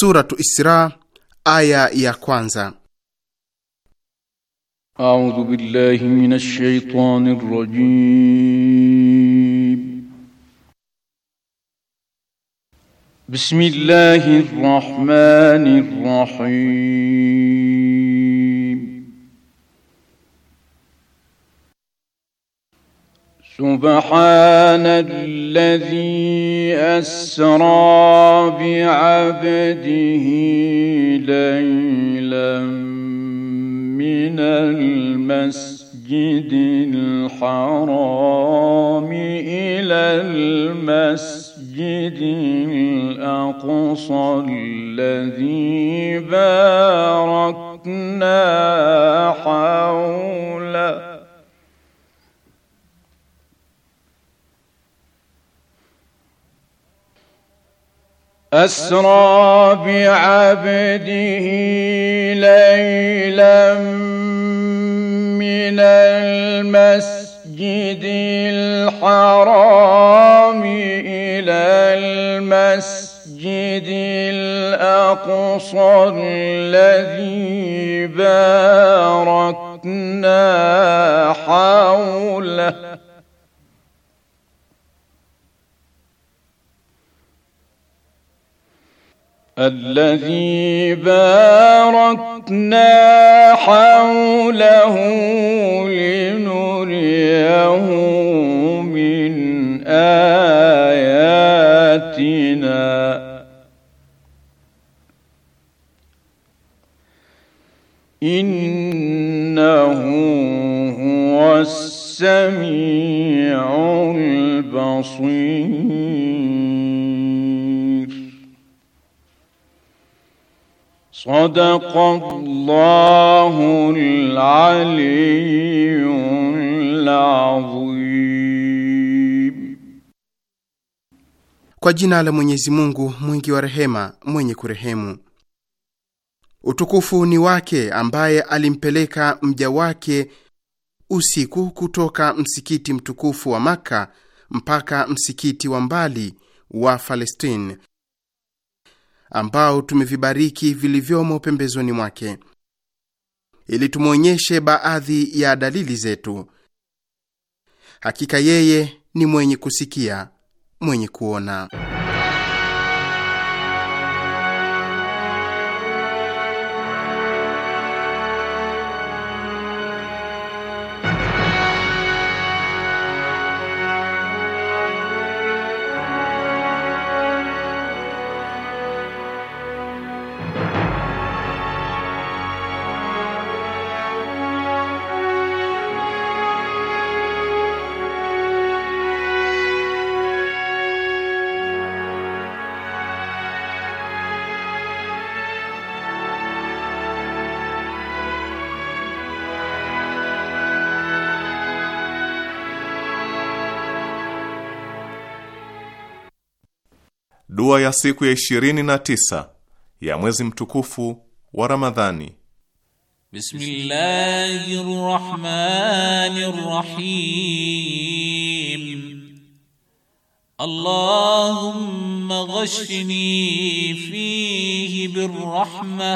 Suratu Isra aya ya kwanza. A'udhu billahi minash shaitanir rajim. Bismillahir rahmanir rahim. سبحان الذي اسرى بعبده ليلا من المسجد الحرام الى المسجد الاقصى الذي باركنا حوله أسرى بعبده ليلا من المسجد الحرام إلى المسجد الأقصى الذي باركنا حوله الذي باركنا حوله لنريه من اياتنا انه هو السميع البصير الله العلي العظيم Kwa jina la Mwenyezi Mungu mwingi wa rehema, mwenye kurehemu. Utukufu ni wake ambaye alimpeleka mja wake usiku kutoka msikiti mtukufu wa Makka mpaka msikiti wa mbali wa Palestina ambao tumevibariki vilivyomo pembezoni mwake, ili tumwonyeshe baadhi ya dalili zetu. Hakika yeye ni mwenye kusikia, mwenye kuona. ya siku ya ishirini na tisa ya mwezi mtukufu wa Ramadhani. Bismillahir Rahmanir Rahim. Allahumma ghashini fihi birrahma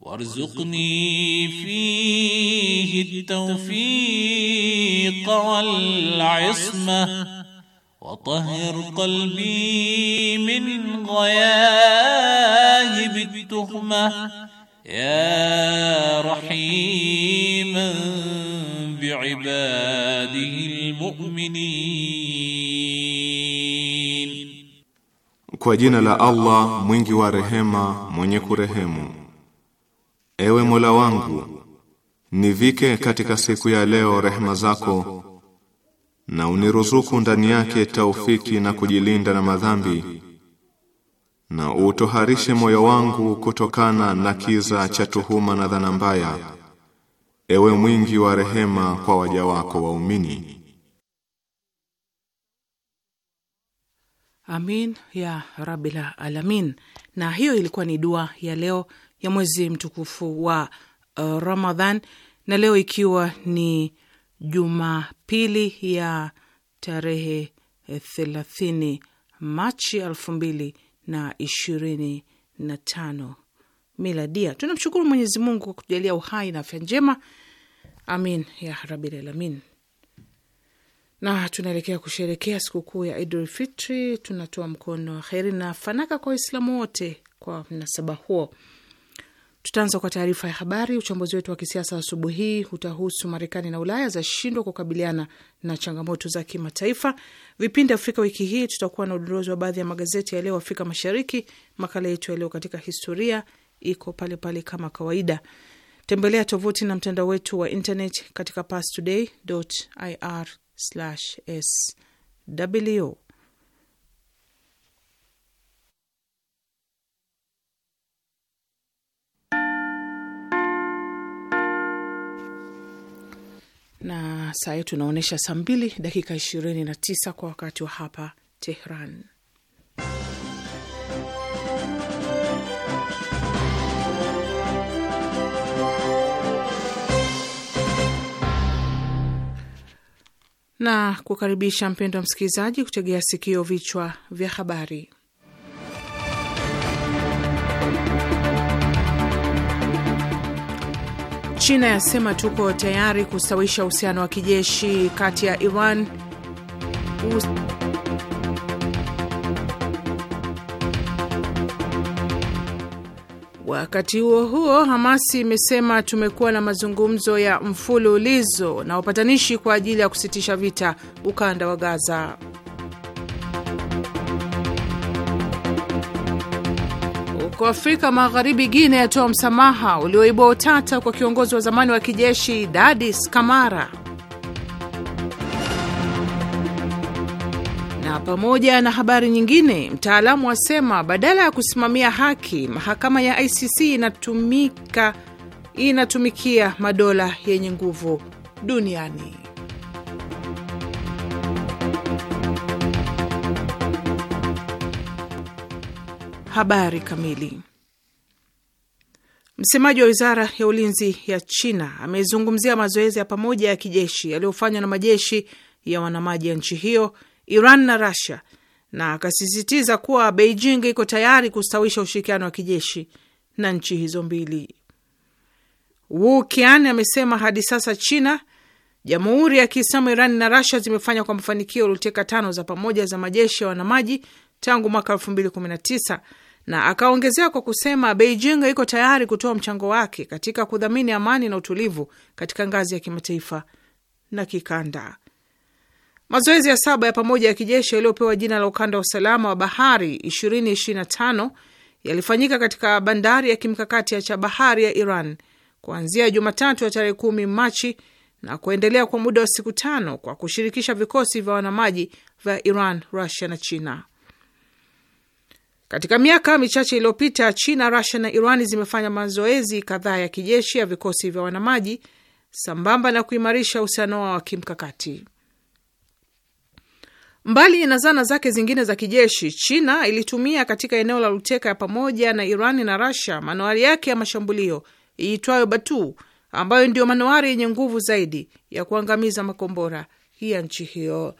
warzuqni fihi at-tawfiq wal 'ismah وطهر قلبي من غياهب التهمة يا رحيما بعباده المؤمنين Kwa jina la Allah mwingi wa rehema mwenye kurehemu Ewe Mola wangu nivike katika siku ya leo rehema zako na uniruzuku ndani yake taufiki na kujilinda na madhambi na utoharishe moyo wangu kutokana na kiza cha tuhuma na dhana mbaya ewe mwingi wa rehema kwa waja wako waumini Amin ya Rabbil Alamin. Na hiyo ilikuwa ni dua ya leo ya mwezi mtukufu wa uh, Ramadhan, na leo ikiwa ni Jumapili ya tarehe thelathini Machi elfu mbili na ishirini na tano miladia. Tunamshukuru Mwenyezi Mungu kwa kutujalia uhai na afya njema, amin ya rabil alamin. Na tunaelekea kusherekea sikukuu ya Idul Fitri. Tunatoa mkono wa heri na fanaka kwa Waislamu wote kwa mnasaba huo. Tutaanza kwa taarifa ya habari. Uchambuzi wetu wa kisiasa asubuhi hii utahusu Marekani na Ulaya zashindwa kukabiliana na changamoto za kimataifa. Vipindi Afrika wiki hii, tutakuwa na udondozi wa baadhi ya magazeti ya leo Afrika Mashariki. Makala yetu ya leo katika historia iko pale pale kama kawaida. Tembelea tovuti na mtandao wetu wa internet katika pastoday.ir/sw na saa yetu inaonyesha saa mbili dakika ishirini na tisa kwa wakati wa hapa Tehran. Na kukaribisha mpendo wa msikilizaji kutegea sikio vichwa vya habari. China yasema tuko tayari kustawisha uhusiano wa kijeshi kati ya Iran Us Wakati huo huo, Hamasi imesema tumekuwa na mazungumzo ya mfululizo na upatanishi kwa ajili ya kusitisha vita ukanda wa Gaza. huko Afrika Magharibi, Guine yatoa msamaha ulioibua utata kwa kiongozi wa zamani wa kijeshi Dadis Kamara. Na pamoja na habari nyingine, mtaalamu asema badala ya kusimamia haki, mahakama ya ICC inatumika inatumikia madola yenye nguvu duniani. Habari kamili. Msemaji wa wizara ya ulinzi ya China amezungumzia mazoezi ya pamoja ya kijeshi yaliyofanywa na majeshi ya wanamaji ya nchi hiyo, Iran na rasia na akasisitiza kuwa Beijing iko tayari kustawisha ushirikiano wa kijeshi na nchi hizo mbili. Wu Qian amesema hadi sasa China, Jamhuri ya Kiislamu Iran na rasia zimefanya kwa mafanikio ruteka tano za pamoja za majeshi ya wanamaji tangu mwaka 2019 na akaongezea kwa kusema Beijing iko tayari kutoa mchango wake katika kudhamini amani na utulivu katika ngazi ya kimataifa na kikanda. Mazoezi ya saba ya pamoja ya kijeshi yaliyopewa jina la ukanda wa usalama wa bahari 2025 yalifanyika katika bandari ya kimkakati ya Chabahari ya Iran kuanzia Jumatatu ya tarehe kumi Machi na kuendelea kwa muda wa siku tano kwa kushirikisha vikosi vya wanamaji vya Iran, Rusia na China. Katika miaka michache iliyopita, China, Rusia na Irani zimefanya mazoezi kadhaa ya kijeshi ya vikosi vya wanamaji sambamba na kuimarisha uhusiano wao wa kimkakati. Mbali na zana zake zingine za kijeshi, China ilitumia katika eneo la Luteka ya pamoja na Irani na Rusia manoari yake ya mashambulio iitwayo Batu, ambayo ndiyo manoari yenye nguvu zaidi ya kuangamiza makombora ya nchi hiyo.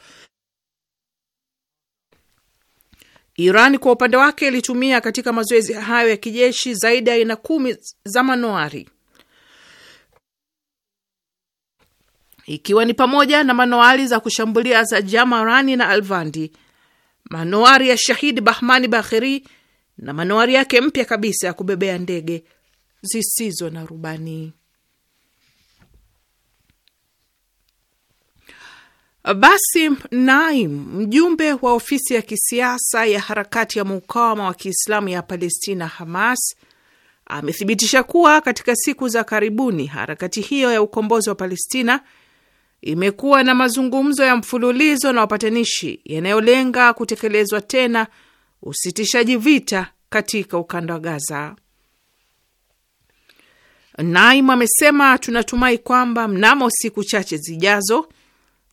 Iran kwa upande wake ilitumia katika mazoezi hayo ya kijeshi zaidi ya aina kumi za manoari ikiwa ni pamoja na manoari za kushambulia za Jamarani na Alvandi, manoari ya Shahidi Bahmani Bakhiri na manoari yake mpya kabisa ya kubebea ndege zisizo na rubani. Basim Naim, mjumbe wa ofisi ya kisiasa ya harakati ya mukawama wa Kiislamu ya Palestina, Hamas, amethibitisha kuwa katika siku za karibuni harakati hiyo ya ukombozi wa Palestina imekuwa na mazungumzo ya mfululizo na wapatanishi yanayolenga kutekelezwa tena usitishaji vita katika ukanda wa Gaza. Naim amesema, tunatumai kwamba mnamo siku chache zijazo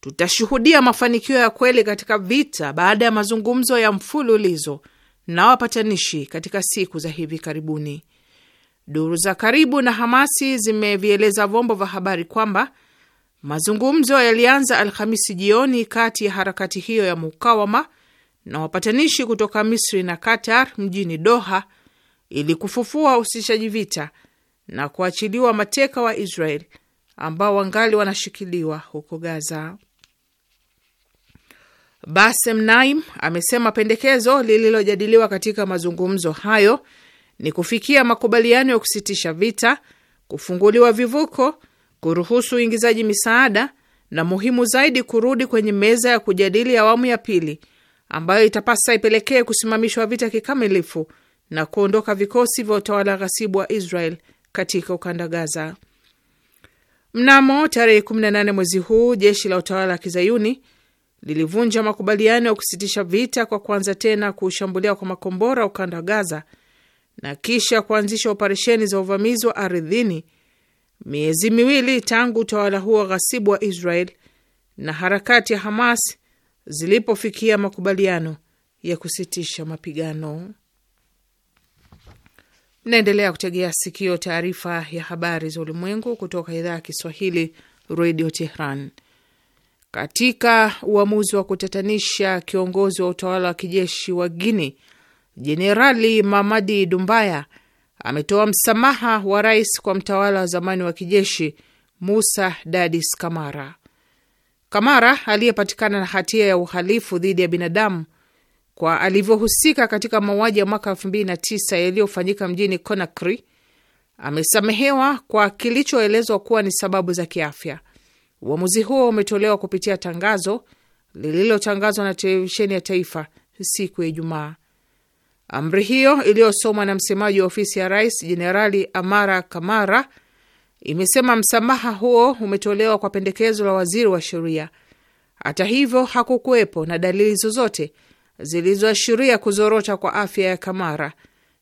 tutashuhudia mafanikio ya kweli katika vita baada ya mazungumzo ya mfululizo na wapatanishi katika siku za hivi karibuni. Duru za karibu na Hamasi zimevieleza vyombo vya habari kwamba mazungumzo yalianza Alhamisi jioni kati ya harakati hiyo ya mukawama na wapatanishi kutoka Misri na Qatar mjini Doha ili kufufua usitishaji vita na kuachiliwa mateka wa Israel ambao wangali wanashikiliwa huko Gaza. Basem Naim amesema pendekezo lililojadiliwa katika mazungumzo hayo ni kufikia makubaliano ya kusitisha vita, kufunguliwa vivuko, kuruhusu uingizaji misaada na muhimu zaidi, kurudi kwenye meza ya kujadili awamu ya pili ambayo itapasa ipelekee kusimamishwa vita kikamilifu na kuondoka vikosi vya utawala ghasibu wa Israel katika ukanda Gaza. Mnamo tarehe 18 mwezi huu jeshi la utawala wa kizayuni lilivunja makubaliano ya kusitisha vita kwa kuanza tena kuushambulia kwa makombora ukanda wa Gaza na kisha kuanzisha operesheni za uvamizi wa ardhini miezi miwili tangu utawala huo ghasibu wa Israel na harakati ya Hamas zilipofikia makubaliano ya kusitisha mapigano. Naendelea kutegea sikio taarifa ya habari za ulimwengu kutoka idhaa ya Kiswahili, Redio Tehran. Katika uamuzi wa kutatanisha, kiongozi wa utawala wa kijeshi wa Guini Jenerali Mamadi Dumbaya ametoa msamaha wa rais kwa mtawala wa zamani wa kijeshi Musa Dadis Kamara. Kamara aliyepatikana na hatia ya uhalifu dhidi ya binadamu kwa alivyohusika katika mauaji ya mwaka 29 yaliyofanyika mjini Conakry amesamehewa kwa kilichoelezwa kuwa ni sababu za kiafya. Uamuzi huo umetolewa kupitia tangazo lililotangazwa na televisheni ya taifa siku ya Ijumaa. Amri hiyo iliyosomwa na msemaji wa ofisi ya rais Jenerali Amara Kamara imesema msamaha huo umetolewa kwa pendekezo la waziri wa sheria. Hata hivyo, hakukuwepo na dalili zozote zilizoashiria kuzorota kwa afya ya Kamara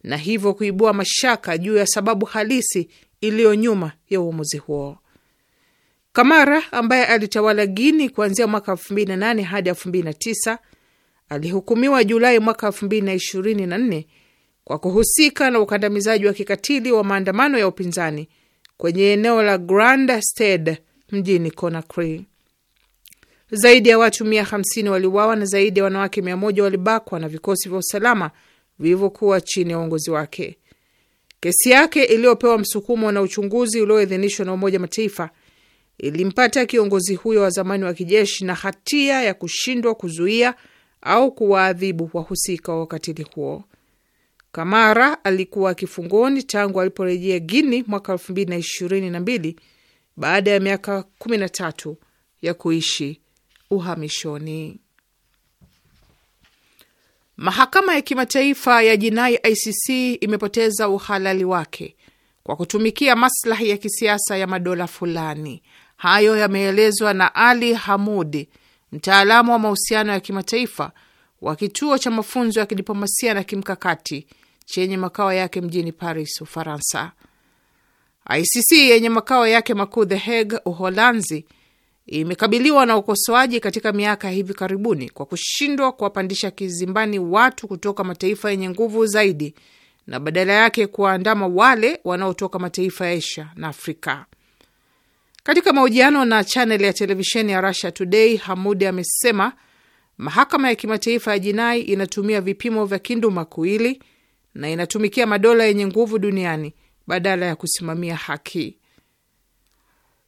na hivyo kuibua mashaka juu ya sababu halisi iliyo nyuma ya uamuzi huo. Kamara ambaye alitawala Guini kuanzia mwaka nane hadi tisa alihukumiwa Julai mwaka nne kwa kuhusika na ukandamizaji wa kikatili wa maandamano ya upinzani kwenye eneo la Grand stede mjini Conakry. Zaidi ya watu hamsini waliuawa na zaidi ya wanawake moja walibakwa na vikosi vya usalama vilivyokuwa chini ya uongozi wake. Kesi yake iliyopewa msukumo na uchunguzi ulioidhinishwa na Umoja Mataifa ilimpata kiongozi huyo wa zamani wa kijeshi na hatia ya kushindwa kuzuia au kuwaadhibu wahusika wa wakatili huo. Kamara alikuwa kifungoni tangu aliporejea Guini mwaka elfu mbili na ishirini na mbili baada ya miaka kumi na tatu ya kuishi uhamishoni. Mahakama ya Kimataifa ya Jinai ICC imepoteza uhalali wake kwa kutumikia maslahi ya kisiasa ya madola fulani Hayo yameelezwa na Ali Hamudi, mtaalamu wa mahusiano ya kimataifa wa kituo cha mafunzo ya kidiplomasia na kimkakati chenye makao yake mjini Paris, Ufaransa. ICC yenye makao yake makuu The Hague, Uholanzi, imekabiliwa na ukosoaji katika miaka hivi karibuni kwa kushindwa kuwapandisha kizimbani watu kutoka mataifa yenye nguvu zaidi na badala yake kuwaandama wale wanaotoka mataifa ya Asia na Afrika. Katika mahojiano na chaneli ya televisheni ya Russia Today, Hamudi amesema mahakama ya kimataifa ya jinai inatumia vipimo vya kindumakuwili na inatumikia madola yenye nguvu duniani badala ya kusimamia haki.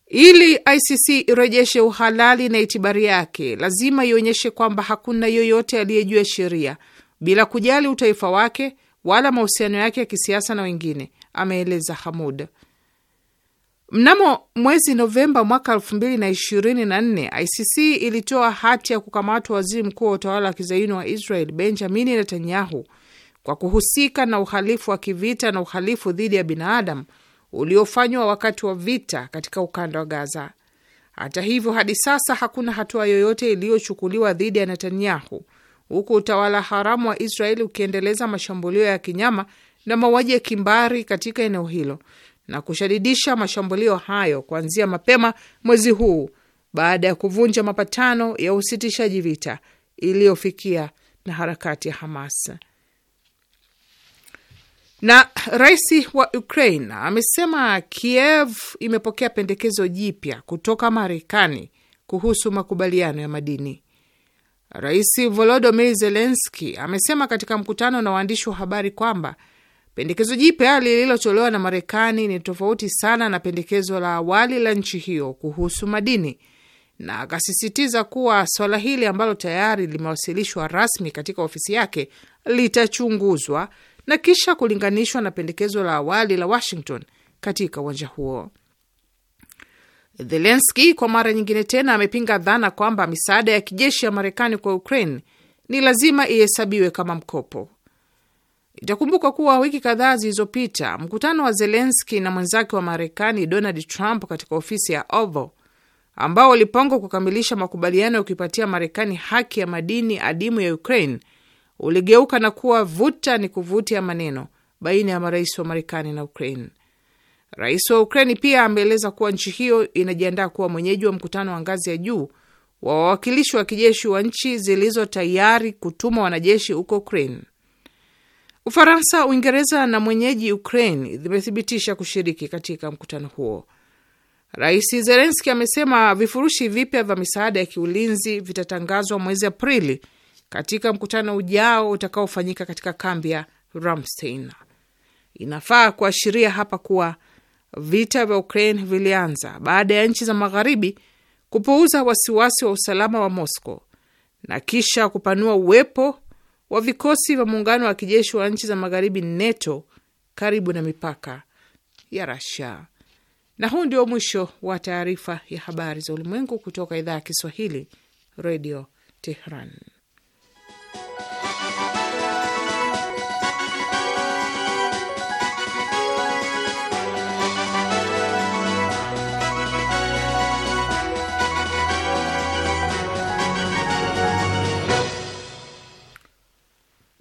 Ili ICC irejeshe uhalali na itibari yake, lazima ionyeshe kwamba hakuna yoyote aliyejua sheria bila kujali utaifa wake wala mahusiano yake ya kisiasa na wengine, ameeleza hamud Mnamo mwezi Novemba mwaka nne ICC ilitoa hati ya kukamatwa waziri mkuu wa utawala wa kizayuni wa Israel Benjamini Netanyahu kwa kuhusika na uhalifu wa kivita na uhalifu dhidi ya binadamu uliofanywa wakati wa vita katika ukanda wa Gaza. Hata hivyo, hadi sasa hakuna hatua yoyote iliyochukuliwa dhidi ya Netanyahu, huku utawala haramu wa Israeli ukiendeleza mashambulio ya kinyama na mauaji ya kimbari katika eneo hilo na kushadidisha mashambulio hayo kuanzia mapema mwezi huu baada ya kuvunja mapatano ya usitishaji vita iliyofikia na harakati ya Hamas. Na rais wa Ukraine amesema Kiev imepokea pendekezo jipya kutoka Marekani kuhusu makubaliano ya madini. Rais Volodymyr Zelensky amesema katika mkutano na waandishi wa habari kwamba Pendekezo jipya lililotolewa na Marekani ni tofauti sana na pendekezo la awali la nchi hiyo kuhusu madini, na akasisitiza kuwa swala hili ambalo tayari limewasilishwa rasmi katika ofisi yake litachunguzwa na kisha kulinganishwa na pendekezo la awali la Washington katika uwanja huo. Zelenski kwa mara nyingine tena amepinga dhana kwamba misaada ya kijeshi ya Marekani kwa Ukraine ni lazima ihesabiwe kama mkopo. Itakumbuka kuwa wiki kadhaa zilizopita mkutano wa Zelenski na mwenzake wa Marekani Donald Trump katika ofisi ya Oval ambao walipangwa kukamilisha makubaliano ya kuipatia Marekani haki ya madini adimu ya Ukraine uligeuka na kuwa vuta ni kuvutia maneno baina ya marais wa Marekani na Ukraine. Rais wa Ukraini pia ameeleza kuwa nchi hiyo inajiandaa kuwa mwenyeji wa mkutano wa ngazi ya juu wa wawakilishi wa kijeshi wa nchi zilizo tayari kutuma wanajeshi huko Ukraine. Ufaransa, Uingereza na mwenyeji Ukraine zimethibitisha kushiriki katika mkutano huo. Rais Zelenski amesema vifurushi vipya vya misaada ya kiulinzi vitatangazwa mwezi Aprili katika mkutano ujao utakaofanyika katika kambi ya Ramstein. Inafaa kuashiria hapa kuwa vita vya Ukraine vilianza baada ya nchi za magharibi kupuuza wasiwasi wa usalama wa Moscow na kisha kupanua uwepo wa vikosi vya muungano wa kijeshi wa nchi za magharibi NATO karibu na mipaka ya Rasia. Na huu ndio mwisho wa taarifa ya habari za ulimwengu kutoka idhaa ya Kiswahili, Radio Tehran.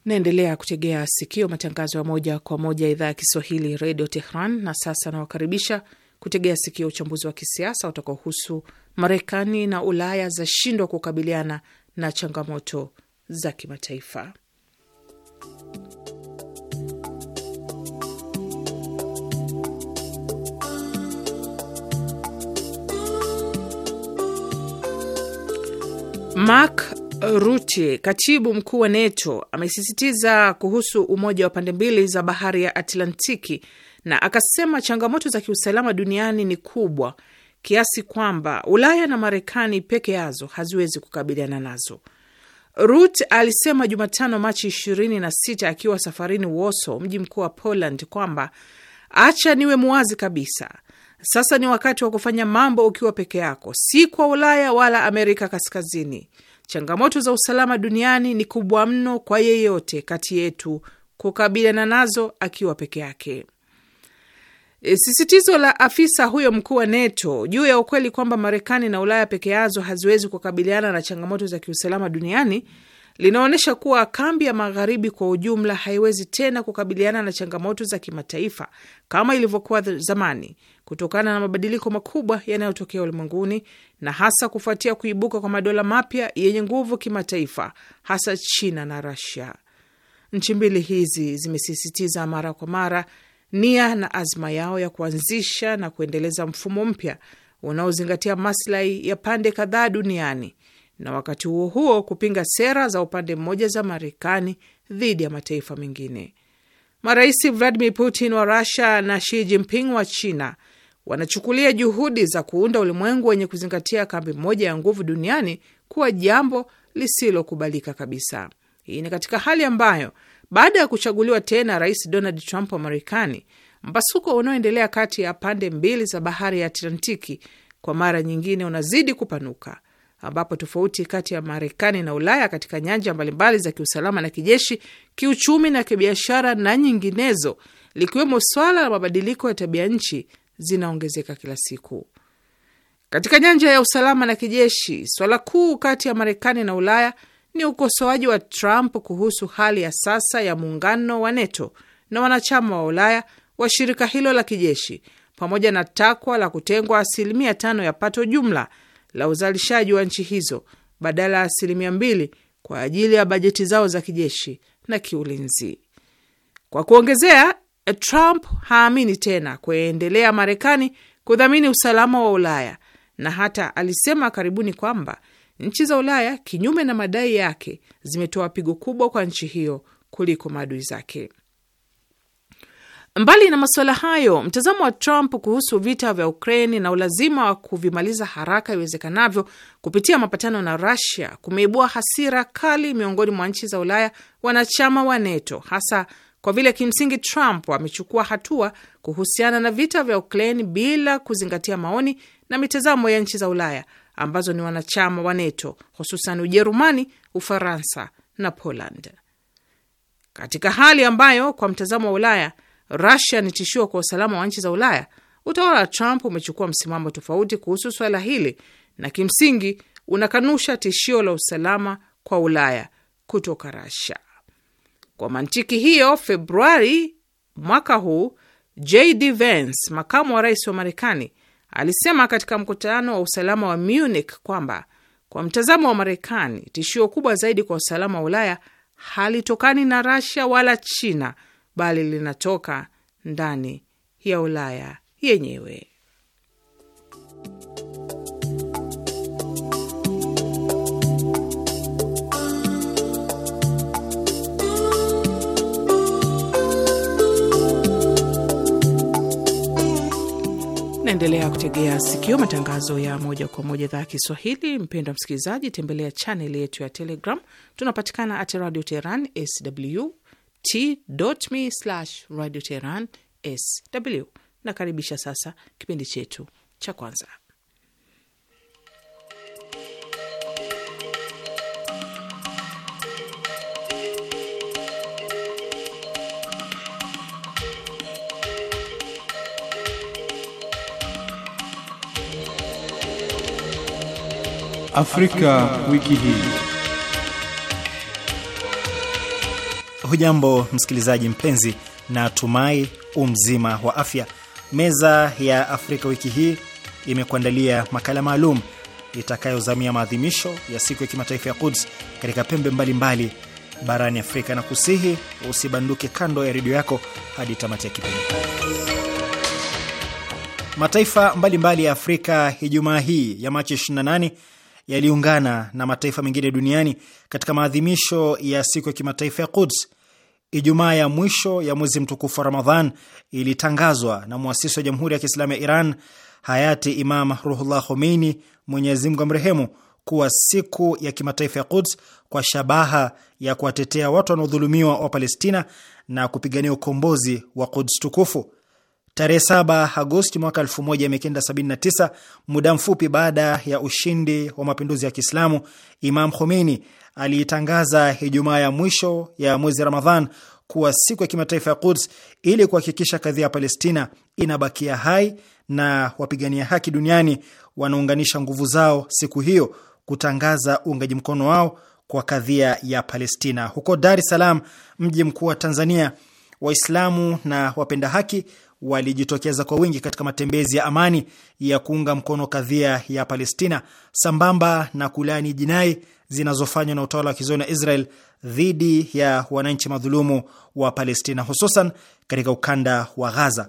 Naendelea kutegea sikio matangazo ya moja kwa moja ya idhaa ya Kiswahili redio Tehran. Na sasa nawakaribisha kutegea sikio uchambuzi wa kisiasa utakaohusu Marekani na Ulaya zashindwa kukabiliana na changamoto za kimataifa. Mark Ruti, katibu mkuu wa NATO, amesisitiza kuhusu umoja wa pande mbili za bahari ya Atlantiki na akasema changamoto za kiusalama duniani ni kubwa kiasi kwamba Ulaya na Marekani peke yazo haziwezi kukabiliana nazo. rut alisema Jumatano, Machi 26 akiwa safarini woso mji mkuu wa Poland, kwamba acha niwe muwazi kabisa, sasa ni wakati wa kufanya mambo ukiwa peke yako, si kwa Ulaya wala Amerika Kaskazini. Changamoto za usalama duniani ni kubwa mno kwa yeyote kati yetu kukabiliana nazo akiwa peke yake. E, sisitizo la afisa huyo mkuu wa NATO juu ya ukweli kwamba Marekani na Ulaya peke yazo haziwezi kukabiliana na changamoto za kiusalama duniani linaonyesha kuwa kambi ya magharibi kwa ujumla haiwezi tena kukabiliana na changamoto za kimataifa kama ilivyokuwa zamani kutokana na mabadiliko makubwa yanayotokea ulimwenguni na hasa kufuatia kuibuka kwa madola mapya yenye nguvu kimataifa, hasa China na Rasia. Nchi mbili hizi zimesisitiza mara kwa mara nia na azma yao ya kuanzisha na kuendeleza mfumo mpya unaozingatia maslahi ya pande kadhaa duniani na wakati huo huo kupinga sera za upande mmoja za Marekani dhidi ya mataifa mengine. Marais Vladimir Putin wa Rusia na Xi Jinping wa China wanachukulia juhudi za kuunda ulimwengu wenye kuzingatia kambi moja ya nguvu duniani kuwa jambo lisilokubalika kabisa. Hii ni katika hali ambayo baada ya kuchaguliwa tena Rais Donald Trump wa Marekani, mpasuko unaoendelea kati ya pande mbili za bahari ya Atlantiki kwa mara nyingine unazidi kupanuka ambapo tofauti kati ya Marekani na Ulaya katika nyanja mbalimbali za kiusalama na kijeshi, kiuchumi na kibiashara na nyinginezo, likiwemo swala la mabadiliko ya tabia nchi zinaongezeka kila siku. Katika nyanja ya usalama na kijeshi, swala kuu kati ya Marekani na Ulaya ni ukosoaji wa Trump kuhusu hali ya sasa ya muungano wa NATO na wanachama wa Ulaya wa shirika hilo la kijeshi, pamoja na takwa la kutengwa asilimia tano ya pato jumla la uzalishaji wa nchi hizo badala ya asilimia mbili kwa ajili ya bajeti zao za kijeshi na kiulinzi. Kwa kuongezea, Trump haamini tena kuendelea Marekani kudhamini usalama wa Ulaya na hata alisema karibuni kwamba nchi za Ulaya, kinyume na madai yake, zimetoa pigo kubwa kwa nchi hiyo kuliko maadui zake. Mbali na masuala hayo, mtazamo wa Trump kuhusu vita vya Ukraini na ulazima wa kuvimaliza haraka iwezekanavyo kupitia mapatano na Rusia kumeibua hasira kali miongoni mwa nchi za Ulaya wanachama wa NATO, hasa kwa vile kimsingi Trump amechukua hatua kuhusiana na vita vya Ukraini bila kuzingatia maoni na mitazamo ya nchi za Ulaya ambazo ni wanachama wa NATO, hususan Ujerumani, Ufaransa na Poland, katika hali ambayo kwa mtazamo wa Ulaya Rusia ni tishio kwa usalama wa nchi za Ulaya, utawala wa Trump umechukua msimamo tofauti kuhusu swala hili na kimsingi unakanusha tishio la usalama kwa Ulaya kutoka Rusia. Kwa mantiki hiyo, Februari mwaka huu JD Vance, makamu wa rais wa Marekani, alisema katika mkutano wa usalama wa Munich kwamba kwa mtazamo wa Marekani, tishio kubwa zaidi kwa usalama wa Ulaya halitokani na rasia wala China bali linatoka ndani ya Ulaya yenyewe. Naendelea kutegea sikio matangazo ya moja kwa moja idhaa ya Kiswahili. Mpendwa msikilizaji, tembelea chaneli yetu ya Telegram, tunapatikana at Radio Teheran sw t.me radio Teheran sw. Nakaribisha sasa kipindi chetu cha kwanza Afrika, Afrika wiki hii. Hujambo msikilizaji mpenzi, na tumai umzima wa afya. Meza ya Afrika wiki hii imekuandalia makala maalum itakayozamia maadhimisho ya siku ya kimataifa ya Quds katika pembe mbalimbali mbali barani Afrika, na kusihi usibanduke kando ya redio yako hadi tamati ya kipindi. Mataifa mbalimbali mbali ya Afrika Ijumaa hii ya Machi 28 yaliungana na mataifa mengine duniani katika maadhimisho ya siku ya kimataifa ya Quds Ijumaa ya mwisho ya mwezi mtukufu wa Ramadhan ilitangazwa na mwasisi wa Jamhuri ya Kiislamu ya Iran hayati Imam Ruhullah Khomeini, Mwenyezi Mungu amrehemu, kuwa siku ya kimataifa ya Quds kwa shabaha ya kuwatetea watu wanaodhulumiwa wa Palestina na kupigania ukombozi wa Quds tukufu. Tarehe 7 Agosti mwaka 1979, muda mfupi baada ya ushindi wa mapinduzi ya Kiislamu, Imam Khomeini aliitangaza Ijumaa ya mwisho ya mwezi Ramadhan kuwa siku ya kimataifa ya Quds ili kuhakikisha kadhia ya Palestina inabakia hai na wapigania haki duniani wanaunganisha nguvu zao siku hiyo kutangaza uungaji mkono wao kwa kadhia ya Palestina. Huko Dar es Salaam, mji mkuu wa Tanzania, Waislamu na wapenda haki walijitokeza kwa wingi katika matembezi ya amani ya kuunga mkono kadhia ya Palestina sambamba na kulani jinai zinazofanywa na utawala wa kizayuni wa Israel dhidi ya wananchi madhulumu wa Palestina, hususan katika ukanda wa Ghaza.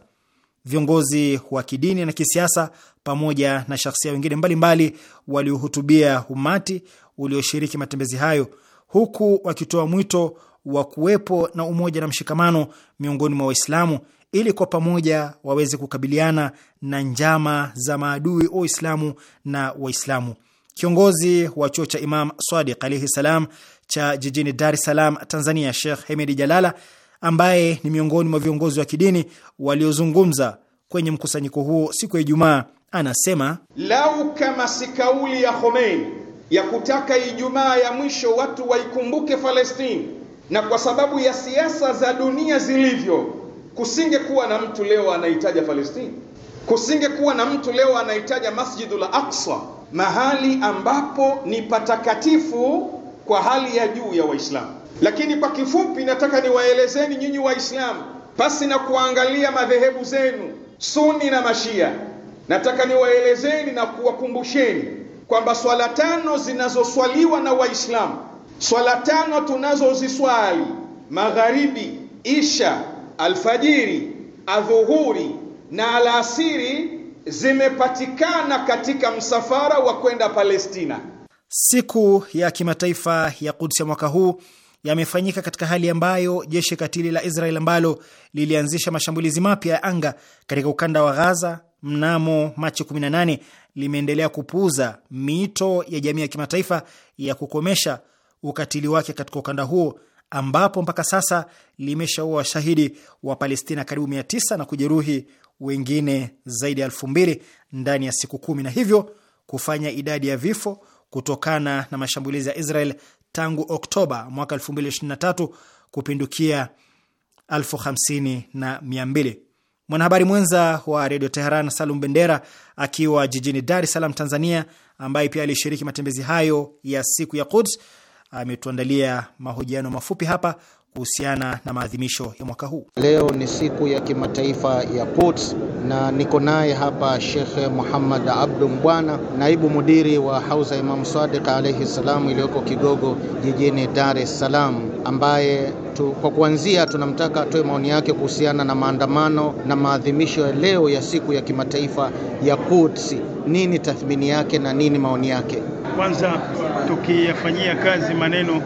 Viongozi wa kidini na kisiasa pamoja na shahsia wengine mbalimbali waliohutubia umati ulioshiriki matembezi hayo, huku wakitoa mwito wa kuwepo na umoja na mshikamano miongoni mwa Waislamu ili kwa pamoja waweze kukabiliana na njama za maadui wa Uislamu na Waislamu. Kiongozi wa chuo cha Imam Sadiq alaihi salam cha jijini Dar es Salaam, Tanzania, Sheikh Hemedi Jalala, ambaye ni miongoni mwa viongozi wa kidini waliozungumza kwenye mkusanyiko huo siku ya Ijumaa, anasema lau kama si kauli ya Khomeini ya kutaka Ijumaa ya mwisho watu waikumbuke Palestini, na kwa sababu ya siasa za dunia zilivyo Kusingekuwa na mtu leo anahitaja Palestini, kusingekuwa na mtu leo anahitaja Masjidul Aqsa, mahali ambapo ni patakatifu kwa hali ya juu ya Waislamu. Lakini kwa kifupi, nataka niwaelezeni nyinyi Waislamu, pasi na kuangalia madhehebu zenu Suni na Mashia, nataka niwaelezeni na kuwakumbusheni kwamba swala tano zinazoswaliwa na Waislamu, swala tano tunazoziswali magharibi, isha alfajiri, adhuhuri na alasiri zimepatikana katika msafara wa kwenda Palestina. Siku ya kimataifa ya Kudsi ya mwaka huu yamefanyika katika hali ambayo jeshi katili la Israel ambalo lilianzisha mashambulizi mapya ya anga katika ukanda wa Gaza mnamo Machi 18 limeendelea kupuuza miito ya jamii ya kimataifa ya kukomesha ukatili wake katika ukanda huo ambapo mpaka sasa limeshaua washahidi wa Palestina karibu tisa na kujeruhi wengine zaidi ya elfu mbili ndani ya siku kumi na hivyo kufanya idadi ya vifo kutokana na mashambulizi ya Israel tangu Oktoba mwaka 2023 kupindukia elfu hamsini na mia mbili. Mwanahabari mwenza wa redio Teheran Salum Bendera akiwa jijini Dar es Salaam, Tanzania, ambaye pia alishiriki matembezi hayo ya siku ya Quds ametuandalia mahojiano mafupi hapa kuhusiana na maadhimisho ya mwaka huu. Leo ni siku ya kimataifa ya Quds na niko naye hapa Shekhe Muhammad Abdu Mbwana, naibu mudiri wa hauza Imam Imamu Sadiq alaihi salam iliyoko Kigogo jijini Dar es Salaam, ambaye tu, kwa kuanzia tunamtaka atoe maoni yake kuhusiana na maandamano na maadhimisho ya leo ya siku ya kimataifa ya Quds. Nini tathmini yake na nini maoni yake? Kwanza tukiyafanyia kazi maneno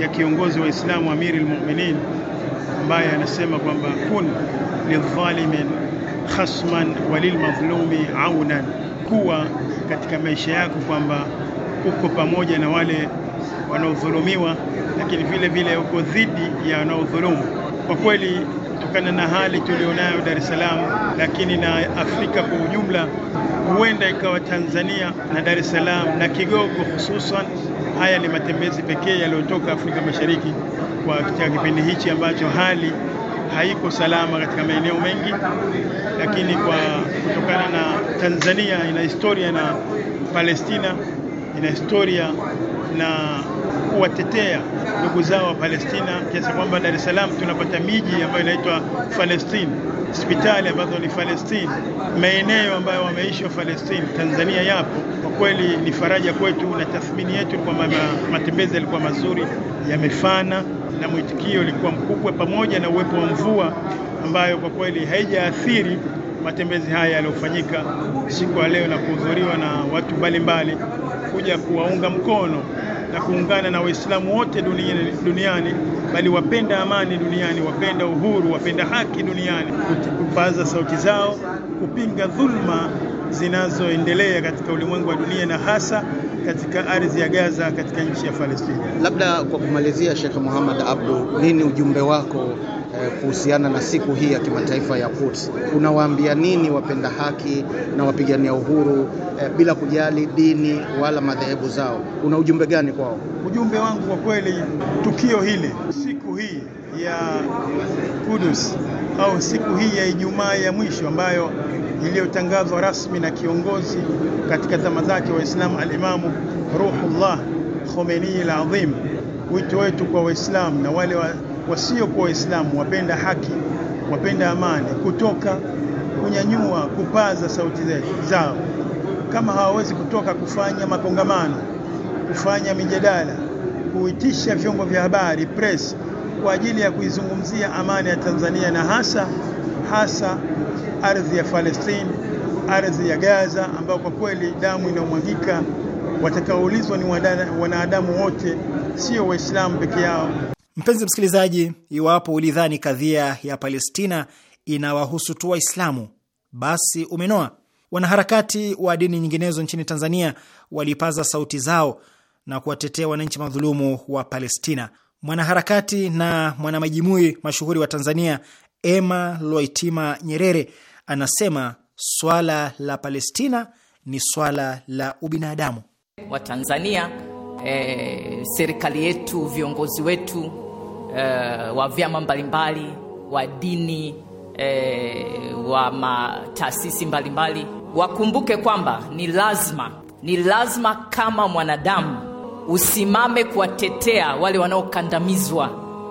ya kiongozi wa Uislamu Amiri al-Mu'minin ambaye anasema kwamba kun lidhalimin khasman walilmadhlumi aunan, kuwa katika maisha yako kwamba uko pamoja na wale wanaodhulumiwa, lakini vile vile uko dhidi ya wanaodhulumu. Kwa kweli kutokana na hali tulionayo Dar es Salaam, lakini na Afrika kwa ujumla, huenda ikawa Tanzania na Dar es Salaam na Kigogo hususan, haya ni matembezi pekee yaliyotoka Afrika Mashariki kwa kipindi hichi ambacho hali haiko salama katika maeneo mengi, lakini kwa kutokana na Tanzania ina historia na Palestina ina historia na kuwatetea ndugu zao wa Palestina, kiasi kwamba Dar es Salaam tunapata miji ambayo inaitwa Palestine, hospitali ambazo ni Palestine, maeneo ambayo wameishi wa Palestine. Tanzania yapo kwa kweli, ni faraja kwetu, na tathmini yetu kwamba matembezi yalikuwa mazuri, yamefana na mwitikio ulikuwa mkubwa, pamoja na uwepo wa mvua ambayo kwa kweli haijaathiri matembezi haya yaliyofanyika siku ya leo na kuhudhuriwa na watu mbalimbali kuja kuwaunga mkono na kuungana na Waislamu wote duniani, duniani bali wapenda amani duniani, wapenda uhuru, wapenda haki duniani, kupaza sauti zao kupinga dhulma zinazoendelea katika ulimwengu wa dunia na hasa katika ardhi ya Gaza katika nchi ya Palestina. Labda kwa kumalizia, Sheikh Muhammad Abdu, nini ujumbe wako eh, kuhusiana na siku hii ya kimataifa ya Quds? Unawaambia nini wapenda haki na wapigania uhuru eh, bila kujali dini wala madhehebu zao? Una ujumbe gani kwao? Ujumbe wangu kwa kweli, tukio hili, siku hii ya Quds au siku hii ya Ijumaa ya mwisho ambayo iliyotangazwa rasmi na kiongozi katika zama zake Waislamu alimamu Ruhullah Khomeini al Wito wetu kwa Waislamu na wale wa, wasiokuwa Waislamu, wapenda haki, wapenda amani, kutoka kunyanyua, kupaza sauti zao. Kama hawawezi kutoka, kufanya makongamano, kufanya mijadala, kuitisha vyombo vya habari press, kwa ajili ya kuizungumzia amani ya Tanzania na hasa hasa ardhi ya Palestina, ardhi ya Gaza, ambayo kwa kweli damu inayomwagika, watakaoulizwa ni wanadamu wote, sio Waislamu peke yao. Mpenzi msikilizaji, iwapo ulidhani kadhia ya Palestina inawahusu tu Waislamu, basi umenoa. Wanaharakati wa dini nyinginezo nchini Tanzania walipaza sauti zao na kuwatetea wananchi madhulumu wa Palestina. Mwanaharakati na mwanamajimui mashuhuri wa Tanzania Emma Loitima Nyerere anasema swala la Palestina ni swala la ubinadamu wa Tanzania. Eh, serikali yetu, viongozi wetu eh, wa vyama mbalimbali, wa dini eh, wa mataasisi mbalimbali wakumbuke kwamba ni lazima, ni lazima kama mwanadamu usimame kuwatetea wale wanaokandamizwa,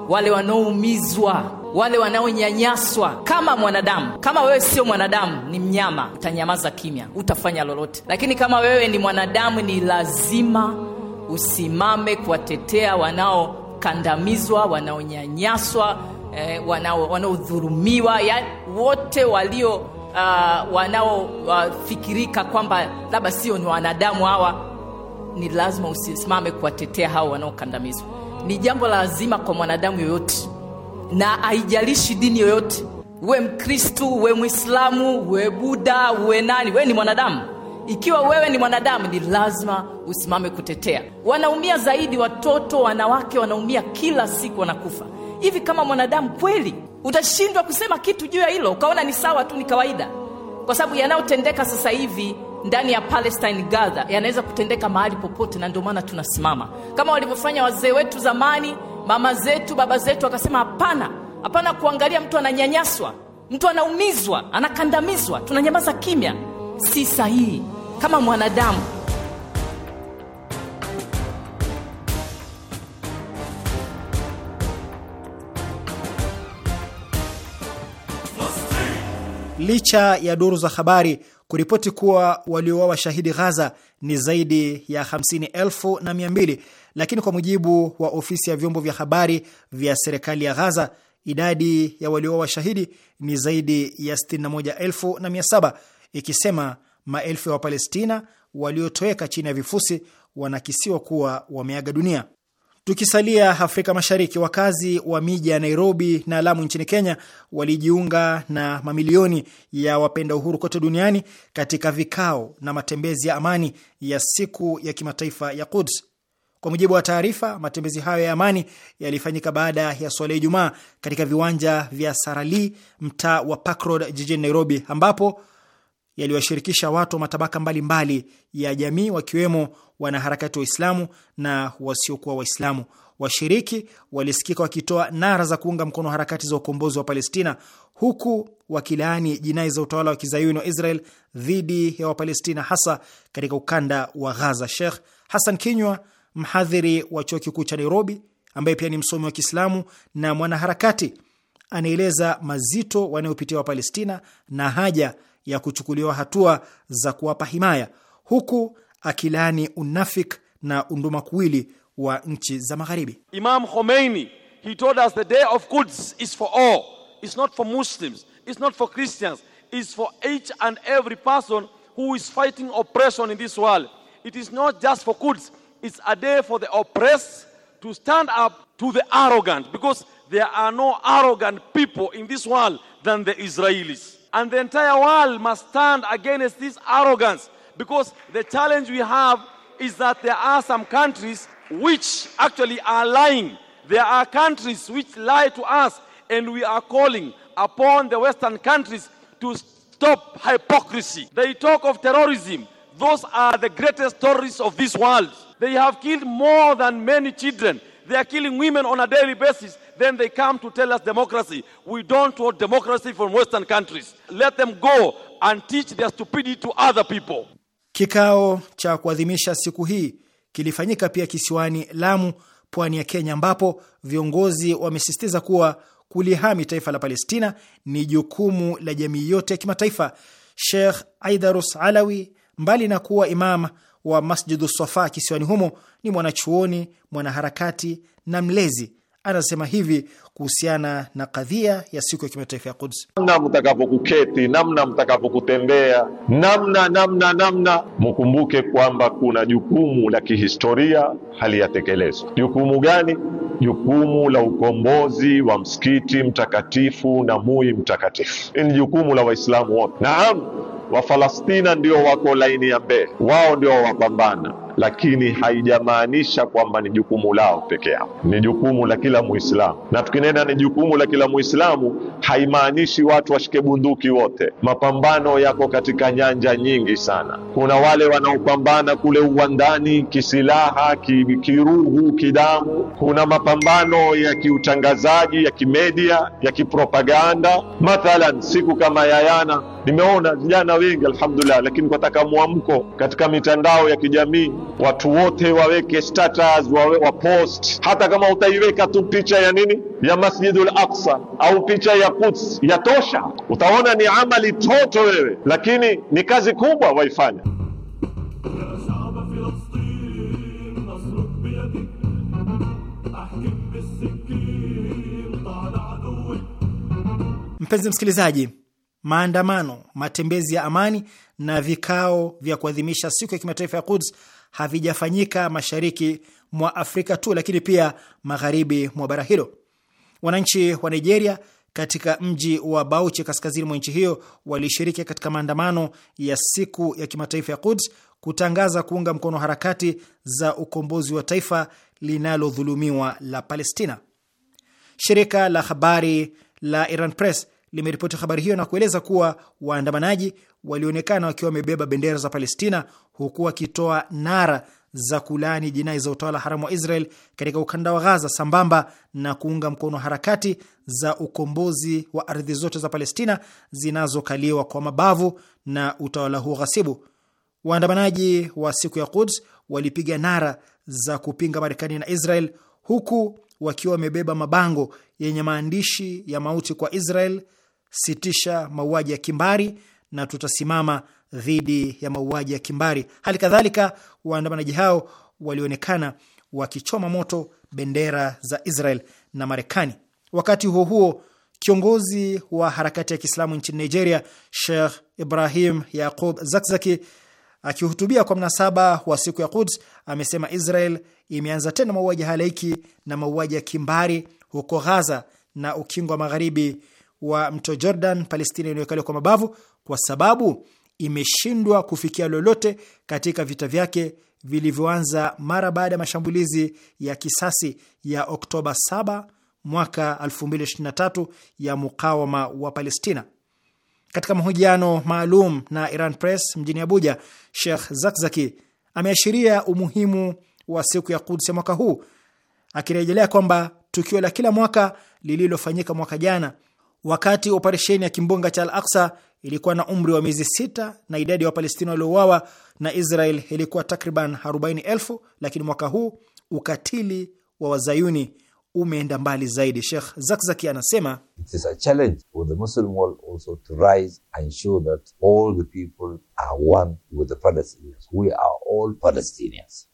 wale wanaoumizwa wale wanaonyanyaswa kama mwanadamu. Kama wewe sio mwanadamu, ni mnyama, utanyamaza kimya, utafanya lolote. Lakini kama wewe ni mwanadamu, ni lazima usimame kuwatetea wanaokandamizwa, wanaonyanyaswa, eh, wanaodhurumiwa, wanao yani, wote walio uh, wanaofikirika uh, kwamba labda sio ni wanadamu hawa, ni lazima usimame kuwatetea hao wanaokandamizwa. Ni jambo la lazima kwa mwanadamu yoyote na haijalishi dini yoyote, uwe Mkristu, uwe Mwislamu, uwe Buda, uwe nani, wewe ni mwanadamu. Ikiwa wewe ni mwanadamu, ni lazima usimame kutetea. Wanaumia zaidi watoto, wanawake wanaumia kila siku, wanakufa. Hivi kama mwanadamu kweli utashindwa kusema kitu juu ya hilo, ukaona ni sawa tu, ni kawaida? Kwa sababu yanayotendeka sasa hivi ndani ya Palestine gadha yanaweza kutendeka mahali popote, na ndio maana tunasimama kama walivyofanya wazee wetu zamani mama zetu, baba zetu, akasema hapana, hapana kuangalia mtu ananyanyaswa, mtu anaumizwa, anakandamizwa, tunanyamaza kimya. Si sahihi kama mwanadamu. Licha ya duru za habari kuripoti kuwa waliouawa shahidi Ghaza ni zaidi ya 50,200 lakini kwa mujibu wa ofisi ya vyombo vya habari vya serikali ya Ghaza, idadi ya walioa washahidi ni zaidi ya 61,700 ikisema maelfu ya Wapalestina waliotoweka chini ya vifusi wanakisiwa kuwa wameaga dunia. Tukisalia Afrika Mashariki, wakazi wa miji ya Nairobi na Lamu nchini Kenya walijiunga na mamilioni ya wapenda uhuru kote duniani katika vikao na matembezi ya amani ya siku ya kimataifa ya Quds. Kwa mujibu wa taarifa, matembezi hayo ya amani yalifanyika baada ya swala Ijumaa katika viwanja vya Sarali, mtaa wa Park Road jijini Nairobi, ambapo yaliwashirikisha watu wa matabaka mbalimbali mbali ya jamii wakiwemo wanaharakati Waislamu na wasiokuwa Waislamu. Washiriki walisikika wakitoa nara za kuunga mkono harakati za ukombozi wa Palestina, huku wakilaani jinai za utawala wa kizayuni wa Israel dhidi ya Wapalestina, hasa katika ukanda wa Ghaza. Sheikh Hassan Kinywa mhadhiri wa chuo kikuu cha Nairobi ambaye pia ni msomi wa Kiislamu na mwanaharakati, anaeleza mazito wanayopitia Wapalestina na haja ya kuchukuliwa hatua za kuwapa himaya, huku akilani unafik na unduma kuwili wa nchi za Magharibi. Imam Khomeini he told us the day of Quds is for all it's not for Muslims it's not for Christians it's for each and every person who is fighting oppression in this world it is not just for Quds It's a day for the oppressed to stand up to the arrogant because there are no arrogant people in this world than the Israelis. And the entire world must stand against this arrogance because the challenge we have is that there are some countries which actually are lying. There are countries which lie to us, and we are calling upon the Western countries to stop hypocrisy. They talk of terrorism, those are the greatest terrorists of this world. They have killed more than many children. They are killing women on a daily basis. Then they come to tell us democracy. We don't want democracy from Western countries. Let them go and teach their stupidity to other people. Kikao cha kuadhimisha siku hii kilifanyika pia kisiwani Lamu, pwani ya Kenya, ambapo viongozi wamesisitiza kuwa kulihami taifa la Palestina ni jukumu la jamii yote ya kimataifa. Sheikh Aidarus Alawi, mbali na kuwa imam wa Masjidu Safa kisiwani humo ni mwanachuoni, mwanaharakati na mlezi. Anasema hivi kuhusiana na kadhia ya siku ya kimataifa ya Quds: namna mtakapokuketi, namna mtakapokutembea, namna namna namna, mkumbuke kwamba kuna jukumu la kihistoria haliyatekelezwa. Jukumu gani? Jukumu la ukombozi wa msikiti mtakatifu na mui mtakatifu. hii ni jukumu la Waislamu wote. Naam. Wafalastina ndio wako laini ya mbele, wao ndio wapambana lakini haijamaanisha kwamba ni jukumu lao peke yao, ni jukumu la kila Muislamu. Na tukinena ni jukumu la kila Muislamu, haimaanishi watu washike bunduki wote. Mapambano yako katika nyanja nyingi sana. Kuna wale wanaopambana kule uwandani kisilaha, ki, kiruhu, kidamu. Kuna mapambano ya kiutangazaji, ya kimedia, ya kipropaganda. Mathalan, siku kama yayana nimeona vijana wengi alhamdulillah, lakini kwataka mwamko katika mitandao ya kijamii watu wote waweke status wawe, wa post hata kama utaiweka tu picha ya nini ya Masjidul Aqsa au picha ya Quds tosha Utaona ni amali toto wewe, lakini ni kazi kubwa waifanya. Mpenzi msikilizaji, maandamano, matembezi ya amani na vikao vya kuadhimisha siku ya kimataifa ya Quds havijafanyika mashariki mwa Afrika tu, lakini pia magharibi mwa bara hilo. Wananchi wa Nigeria katika mji wa Bauchi kaskazini mwa nchi hiyo walishiriki katika maandamano ya siku ya kimataifa ya Quds kutangaza kuunga mkono harakati za ukombozi wa taifa linalodhulumiwa la Palestina. Shirika la habari la Iran Press limeripoti habari hiyo na kueleza kuwa waandamanaji walionekana wakiwa wamebeba bendera za Palestina huku wakitoa nara za kulaani jinai za utawala haramu wa Israel katika ukanda wa Gaza sambamba na kuunga mkono harakati za ukombozi wa ardhi zote za Palestina zinazokaliwa kwa mabavu na utawala huo ghasibu. Waandamanaji wa siku ya Quds walipiga nara za kupinga Marekani na Israel huku wakiwa wamebeba mabango yenye maandishi ya mauti kwa Israel, sitisha mauaji ya kimbari na tutasimama dhidi ya mauaji ya kimbari. Hali kadhalika, waandamanaji hao walionekana wakichoma moto bendera za Israel na Marekani. Wakati huo huo, kiongozi wa harakati ya Kiislamu nchini Nigeria, Sheikh Ibrahim Yaqub Zakzaki, akihutubia kwa mnasaba wa siku ya Quds, amesema Israel imeanza tena mauaji halaiki na mauaji ya kimbari huko Ghaza na Ukingo wa Magharibi wa mto Jordan, Palestina inayokaliwa kwa mabavu, kwa sababu imeshindwa kufikia lolote katika vita vyake vilivyoanza mara baada ya mashambulizi ya kisasi ya Oktoba 7 mwaka 2023 ya mukawama wa Palestina. Katika mahojiano maalum na Iran Press mjini Abuja, Sheikh Zakzaki ameashiria umuhimu wa siku ya Quds ya mwaka huu akirejelea kwamba tukio la kila mwaka lililofanyika mwaka jana wakati operesheni ya kimbunga cha Al Aksa ilikuwa na umri wa miezi sita na idadi ya wa Wapalestina waliouawa na Israel ilikuwa takriban 40,000 lakini mwaka huu ukatili wa wazayuni umeenda mbali zaidi. Sheikh Zakzaki anasema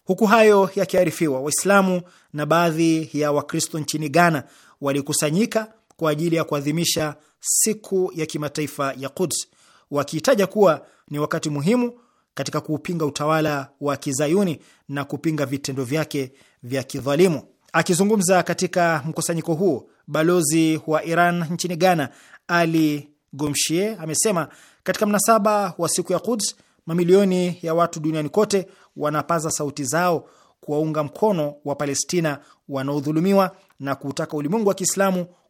huku hayo yakiarifiwa, Waislamu na baadhi ya Wakristo nchini Ghana walikusanyika kwa ajili ya kuadhimisha siku ya kimataifa ya Quds, wakiitaja kuwa ni wakati muhimu katika kuupinga utawala wa kizayuni na kupinga vitendo vyake vya kidhalimu. Akizungumza katika mkusanyiko huu, balozi wa Iran nchini Ghana Ali Gomshie amesema katika mnasaba wa siku ya Quds, mamilioni ya watu duniani kote wanapaza sauti zao kuwaunga mkono wa Palestina wanaodhulumiwa na kuutaka ulimwengu wa Kiislamu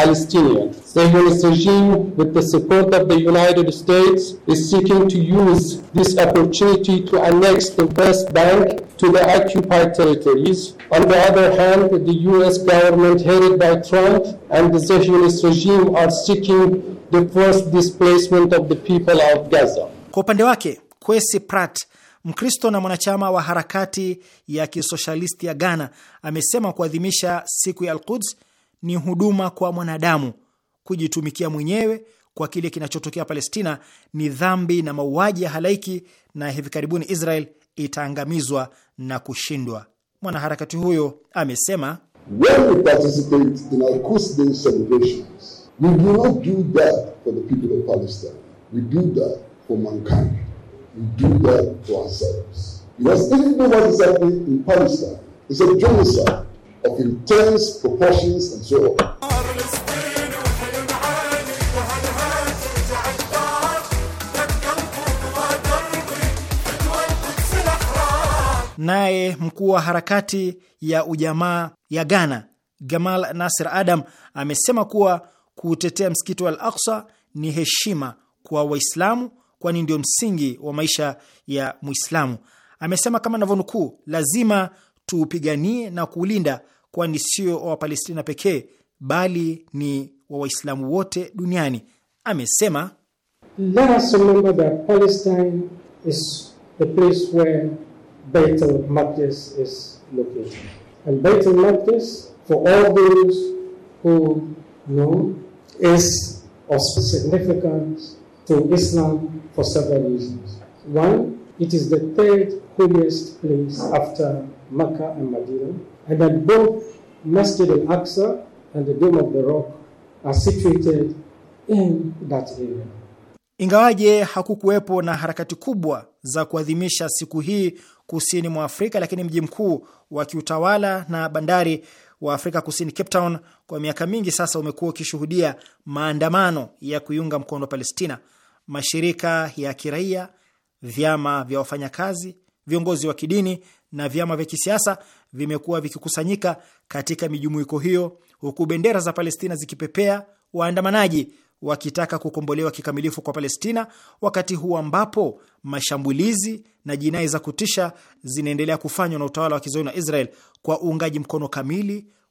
Palestinians. Zionist regime, with the support of the United States, is seeking to use this opportunity to annex the West Bank to the occupied territories. On the other hand, the U.S. government, headed by Trump, and the Zionist regime are seeking the forced displacement of the people of Gaza. Kwa upande wake, Kwesi Pratt Mkristo na mwanachama wa harakati ya kisoshalisti ya Ghana amesema kuadhimisha siku ya Al-Quds ni huduma kwa mwanadamu. Kujitumikia mwenyewe kwa kile kinachotokea Palestina ni dhambi na mauaji ya halaiki, na hivi karibuni Israel itaangamizwa na kushindwa. Mwanaharakati huyo amesema, When participate in day celebrations, we do not do that for the people of Palestine. We do that for mankind. We do that for ourselves. Because even what is happening in Palestine is a genocide of intense proportions and so on. Naye mkuu wa harakati ya ujamaa ya Ghana, Gamal Nasir Adam, amesema kuwa kuutetea msikiti wa al ni heshima kwa Waislamu, kwani ndio msingi wa maisha ya Muislamu. Amesema kama navyonukuu, lazima tuupiganie na kuulinda, kwani sio wa wapalestina pekee bali ni wa Waislamu wote duniani. Amesema Let us remember that Palestine is the place where Beit al-Maqdis is located. And Beit al-Maqdis, for all those who know, is of significance to Islam for several reasons. One, It is the third holiest place after Mecca and Medina, and that both Masjid al-Aqsa and the Dome of the Rock are situated in that area. Ingawaje hakukuwepo na harakati kubwa za kuadhimisha siku hii kusini mwa Afrika, lakini mji mkuu wa kiutawala na bandari wa Afrika Kusini, Cape Town, kwa miaka mingi sasa umekuwa ukishuhudia maandamano ya kuiunga mkono Palestina. Mashirika ya kiraia vyama vya wafanyakazi, viongozi wa kidini na vyama vya kisiasa vimekuwa vikikusanyika katika mijumuiko hiyo, huku bendera za Palestina zikipepea, waandamanaji wakitaka kukombolewa kikamilifu kwa Palestina, wakati huu ambapo mashambulizi na jinai za kutisha zinaendelea kufanywa na utawala wa kizayuni wa Israel kwa uungaji mkono kamili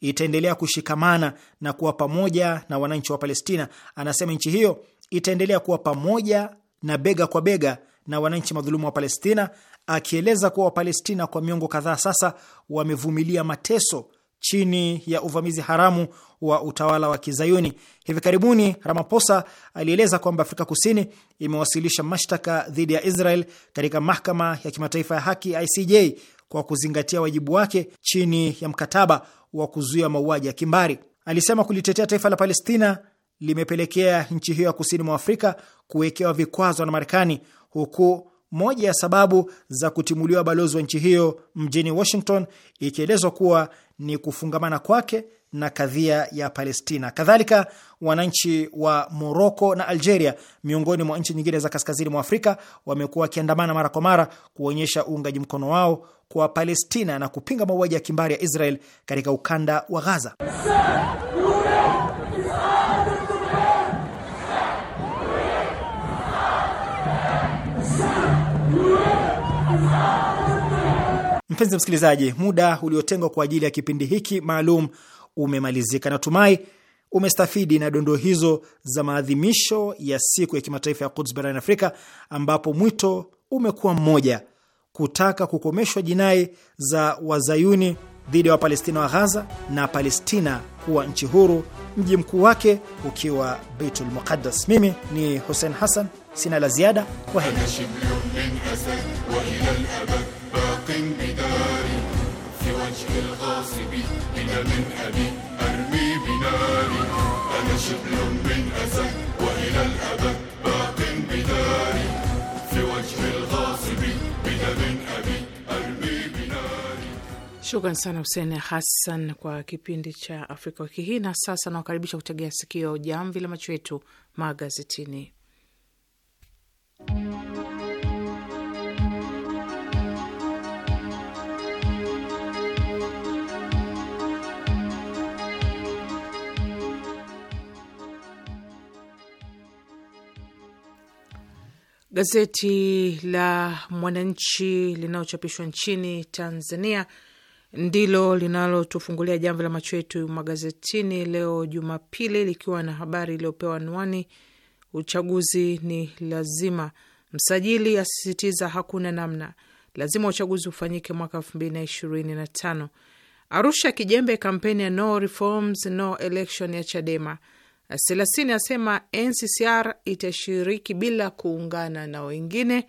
itaendelea kushikamana na kuwa pamoja na wananchi wa Palestina. Anasema nchi hiyo itaendelea kuwa pamoja na bega kwa bega na wananchi madhulumu wa Palestina, akieleza kuwa Wapalestina kwa miongo kadhaa sasa wamevumilia mateso chini ya uvamizi haramu wa utawala wa Kizayuni. Hivi karibuni, Ramaphosa alieleza kwamba Afrika Kusini imewasilisha mashtaka dhidi ya Israel katika mahakama ya kimataifa ya haki ICJ kwa kuzingatia wajibu wake chini ya mkataba wa kuzuia mauaji ya kimbari. Alisema kulitetea taifa la Palestina limepelekea nchi hiyo ya kusini mwa Afrika kuwekewa vikwazo na Marekani, huku moja ya sababu za kutimuliwa balozi wa nchi hiyo mjini Washington ikielezwa kuwa ni kufungamana kwake na kadhia ya Palestina. Kadhalika, wananchi wa Moroko na Algeria, miongoni mwa nchi nyingine za kaskazini mwa Afrika, wamekuwa wakiandamana mara kwa mara kuonyesha uungaji mkono wao kwa Palestina na kupinga mauaji ya kimbari ya Israel katika ukanda wa Gaza. Mpenzi msikilizaji, muda uliotengwa kwa ajili ya kipindi hiki maalum umemalizika. Natumai umestafidi na dondoo hizo za maadhimisho ya siku ya kimataifa ya Quds barani Afrika, ambapo mwito umekuwa mmoja, kutaka kukomeshwa jinai za wazayuni dhidi ya Wapalestina wa Ghaza na Palestina kuwa nchi huru, mji mkuu wake ukiwa Beitul Muqaddas. Mimi ni Hussein Hassan, sina la ziada. Kwaheri. الغاصب أرمي أنا شبل من وإلى الأبد باق بداري في وجه الغاصب Shukran sana Hussein Hassan kwa kipindi cha Afrika wiki hii, na sasa nawakaribisha kutegea sikio jamvi la macho yetu magazetini. Gazeti la Mwananchi linalochapishwa nchini Tanzania ndilo linalotufungulia jambo la macho yetu magazetini leo Jumapili, likiwa na habari iliyopewa anwani uchaguzi ni lazima, msajili asisitiza hakuna namna, lazima uchaguzi ufanyike mwaka elfu mbili na ishirini na tano. Arusha kijembe kampeni ya no reforms no election ya Chadema Selasini asema NCCR itashiriki bila kuungana na wengine.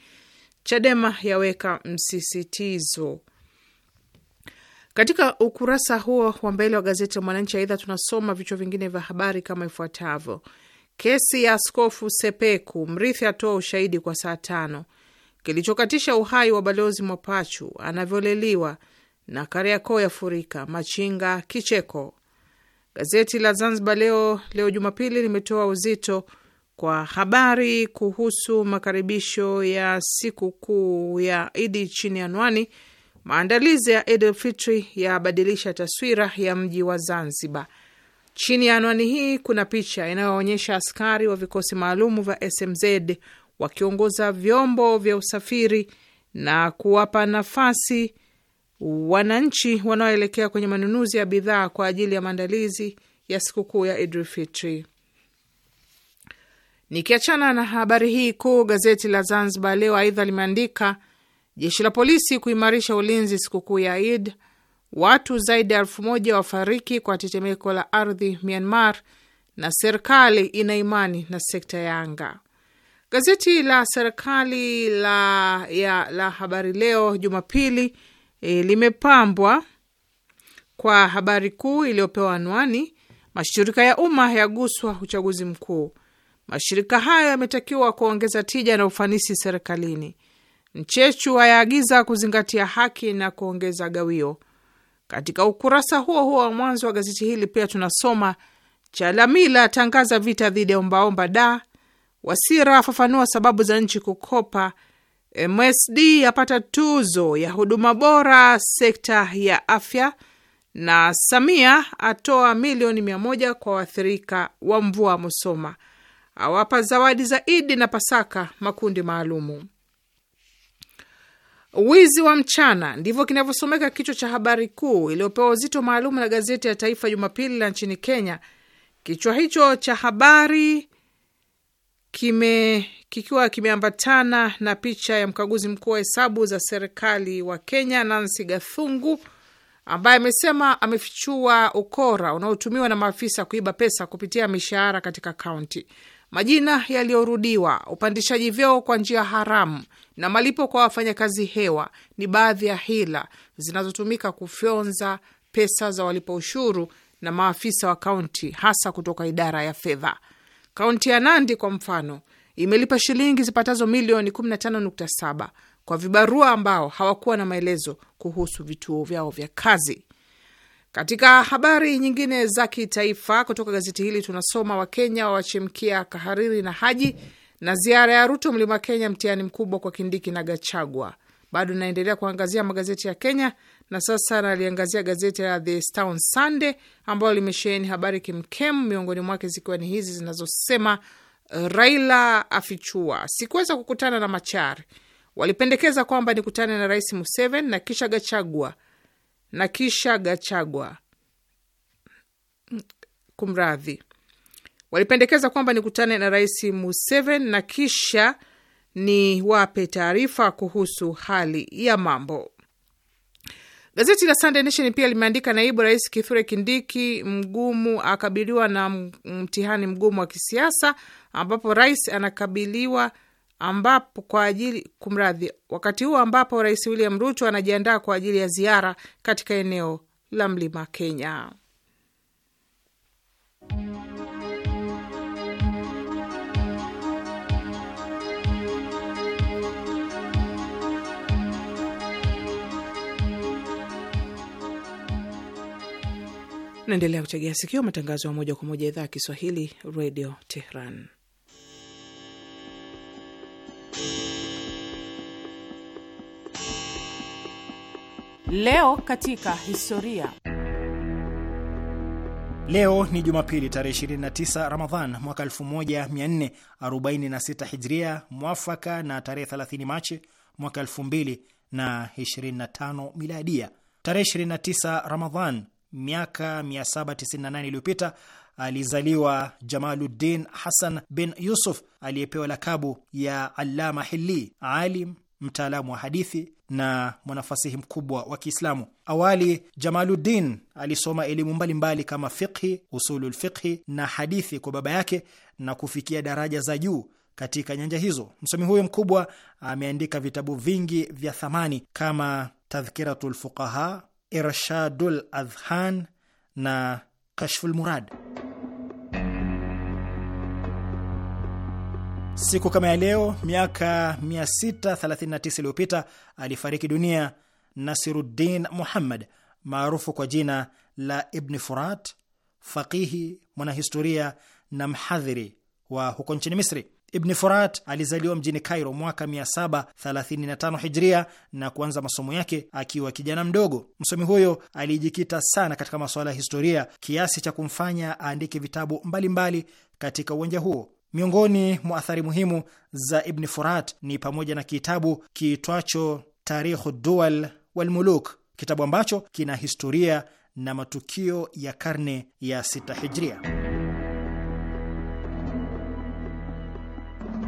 Chadema yaweka msisitizo. Katika ukurasa huo wa mbele wa gazeti la Mwananchi, aidha tunasoma vichwa vingine vya habari kama ifuatavyo: kesi ya askofu Sepeku, mrithi atoa ushahidi kwa saa tano; kilichokatisha uhai wa balozi Mwapachu anavyoleliwa; na Kariakoo yafurika machinga kicheko. Gazeti la Zanzibar Leo leo Jumapili limetoa uzito kwa habari kuhusu makaribisho ya siku kuu ya Idi chini anwani maandalizi ya Idul Fitri yabadilisha taswira ya mji wa Zanzibar. Chini ya anwani hii kuna picha inayoonyesha askari wa vikosi maalumu vya SMZ wakiongoza vyombo vya usafiri na kuwapa nafasi wananchi wanaoelekea kwenye manunuzi ya bidhaa kwa ajili ya maandalizi ya sikukuu ya Idul Fitri. Nikiachana na habari hii kuu, gazeti la Zanzibar Leo aidha limeandika jeshi la polisi kuimarisha ulinzi sikukuu ya Id, watu zaidi ya elfu moja wafariki kwa tetemeko la ardhi Myanmar, na serikali ina imani na sekta ya anga. Gazeti la serikali la, ya, la Habari Leo Jumapili e, limepambwa kwa habari kuu iliyopewa anwani mashirika ya umma yaguswa uchaguzi mkuu. Mashirika hayo yametakiwa kuongeza tija na ufanisi serikalini. Mchechu ayaagiza kuzingatia haki na kuongeza gawio. Katika ukurasa huo huo wa mwanzo wa gazeti hili pia tunasoma Chalamila tangaza vita dhidi ya ombaomba da Wasira afafanua sababu za nchi kukopa MSD yapata tuzo ya huduma bora sekta ya afya, na Samia atoa milioni mia moja kwa waathirika wa mvua Musoma, awapa zawadi za Idi na Pasaka makundi maalumu. Wizi wa mchana, ndivyo kinavyosomeka kichwa cha habari kuu iliyopewa uzito maalum na gazeti ya Taifa Jumapili la nchini Kenya. Kichwa hicho cha habari kime kikiwa kimeambatana na picha ya mkaguzi mkuu wa hesabu za serikali wa Kenya Nancy Gathungu ambaye amesema amefichua ukora unaotumiwa na maafisa kuiba pesa kupitia mishahara katika kaunti, majina yaliyorudiwa, upandishaji vyeo kwa njia haramu na malipo kwa wafanyakazi hewa ni baadhi ya hila zinazotumika kufyonza pesa za walipa ushuru na maafisa wa kaunti, hasa kutoka idara ya fedha. Kaunti ya Nandi kwa mfano imelipa shilingi zipatazo milioni 15.7 kwa vibarua ambao hawakuwa na maelezo kuhusu vituo vyao vya kazi. Katika habari nyingine za kitaifa kutoka gazeti hili tunasoma Wakenya wawachemkia kahariri na Haji na ziara ya Ruto mlima Kenya, mtihani mkubwa kwa Kindiki na Gachagwa. Bado naendelea kuangazia magazeti ya Kenya na sasa naliangazia gazeti la The Town Sunday ambayo limesheheni habari kimkem, miongoni mwake zikiwa ni hizi zinazosema Raila afichua sikuweza kukutana na Machar, walipendekeza kwamba nikutane na Rais Museveni na kisha Gachagua na kisha Gachagua. Kumradhi, walipendekeza kwamba nikutane na Rais Museveni na kisha niwape taarifa kuhusu hali ya mambo. Gazeti la Sunday Nation pia limeandika naibu rais Kithure Kindiki mgumu akabiliwa na mtihani mgumu wa kisiasa, ambapo rais anakabiliwa ambapo kwa ajili kumradhi, wakati huo ambapo rais William Ruto anajiandaa kwa ajili ya ziara katika eneo la mlima Kenya. Naendelea kuchegea sikio matangazo ya moja kwa moja idhaa ya Kiswahili Radio Tehran. Leo katika historia. Leo ni Jumapili tarehe 29 Ramadhan mwaka 1446 Hijria, mwafaka na tarehe 30 Machi mwaka 2025 Miladia. Tarehe 29 Ramadhan miaka 798 iliyopita alizaliwa Jamaluddin Hassan bin Yusuf aliyepewa lakabu ya Allama Hilli, alim mtaalamu wa hadithi na mwanafasihi mkubwa wa Kiislamu. Awali Jamaluddin alisoma elimu mbalimbali kama fiqhi, usulul fiqhi na hadithi kwa baba yake na kufikia daraja za juu katika nyanja hizo. Msomi huyo mkubwa ameandika vitabu vingi vya thamani kama Tadhkiratul Fuqaha Irshadul Adhan na Kashful Murad. Siku kama ya leo miaka 639 iliyopita alifariki dunia Nasiruddin Muhammad maarufu kwa jina la Ibni Furat, faqihi, mwanahistoria na mhadhiri wa huko nchini Misri. Ibni Furat alizaliwa mjini cairo mwaka 735 hijria na kuanza masomo yake akiwa kijana mdogo. Msomi huyo alijikita sana katika masuala ya historia kiasi cha kumfanya aandike vitabu mbalimbali mbali katika uwanja huo. Miongoni mwa athari muhimu za Ibni Furat ni pamoja na kitabu kiitwacho Tarikhu Dual Walmuluk, kitabu ambacho kina historia na matukio ya karne ya sita hijria.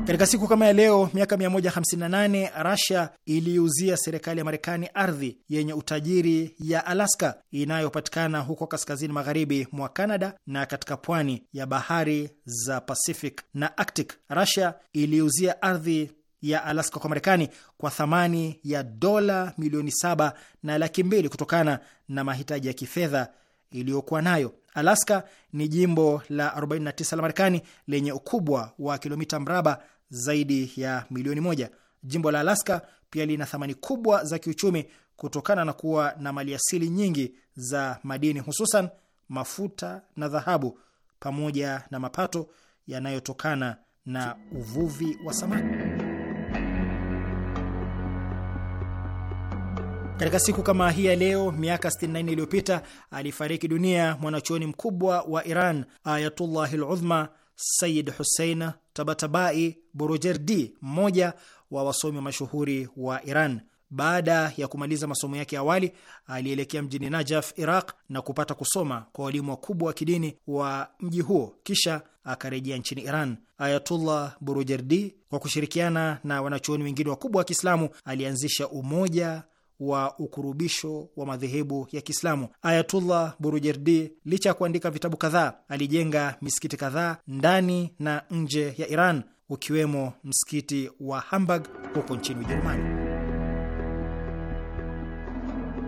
Katika siku kama ya leo miaka 158 rasia iliuzia serikali ya Marekani ardhi yenye utajiri ya Alaska inayopatikana huko kaskazini magharibi mwa Canada na katika pwani ya bahari za Pacific na Arctic. Rasia iliuzia ardhi ya Alaska kwa Marekani kwa thamani ya dola milioni saba na laki mbili kutokana na mahitaji ya kifedha iliyokuwa nayo. Alaska ni jimbo la 49 la Marekani lenye ukubwa wa kilomita mraba zaidi ya milioni moja. Jimbo la Alaska pia lina thamani kubwa za kiuchumi kutokana na kuwa na maliasili nyingi za madini, hususan mafuta na dhahabu, pamoja na mapato yanayotokana na uvuvi wa samaki. Katika siku kama hii ya leo miaka 64 iliyopita alifariki dunia mwanachuoni mkubwa wa Iran Ayatullahi Ludhma Sayid Husein Tabatabai Borojerdi, mmoja wa wasomi mashuhuri wa Iran. Baada ya kumaliza masomo yake awali, alielekea mjini Najaf, Iraq, na kupata kusoma kwa walimu wakubwa wa kidini wa mji huo, kisha akarejea nchini Iran. Ayatullah Burujerdi, kwa kushirikiana na wanachuoni wengine wakubwa wa Kiislamu, alianzisha umoja wa ukurubisho wa madhehebu ya Kiislamu. Ayatullah Burujerdi, licha ya kuandika vitabu kadhaa, alijenga misikiti kadhaa ndani na nje ya Iran, ukiwemo msikiti wa Hamburg huko nchini Ujerumani.